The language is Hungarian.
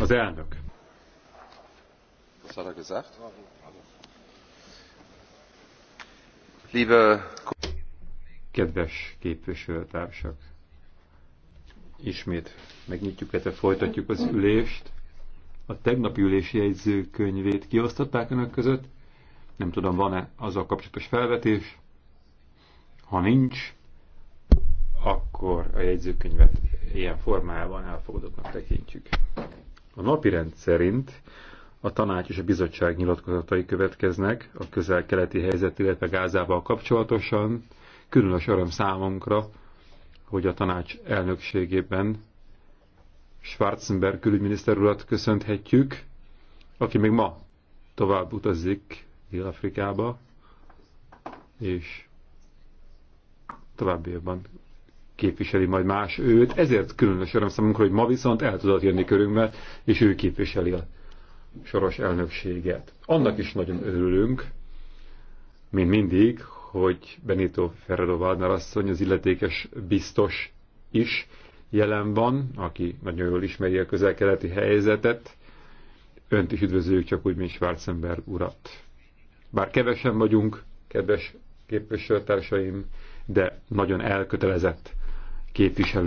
Az elnök. Kedves képviselőtársak, ismét megnyitjuk, illetve folytatjuk az ülést. A tegnapi ülési jegyzőkönyvét kiosztották önök között. Nem tudom, van-e azzal kapcsolatos felvetés. Ha nincs, akkor a jegyzőkönyvet ilyen formában elfogadottnak tekintjük. A rend szerint a tanács és a bizottság nyilatkozatai következnek a közel-keleti helyzet, illetve Gázával kapcsolatosan. Különös öröm számunkra, hogy a tanács elnökségében Schwarzenberg külügyminiszter urat köszönhetjük, aki még ma tovább utazik Dél-Afrikába, és továbbiakban képviseli majd más őt. Ezért különös öröm számunkra, hogy ma viszont el tudott jönni körünkbe, és ő képviseli a soros elnökséget. Annak is nagyon örülünk, mint mindig, hogy Benito Ferrero Waldner asszony, az illetékes biztos is jelen van, aki nagyon jól ismeri a közelkeleti helyzetet. Önt is üdvözlőjük csak úgy, mint Schwarzenberg urat. Bár kevesen vagyunk, kedves képviselőtársaim, de nagyon elkötelezett képviselő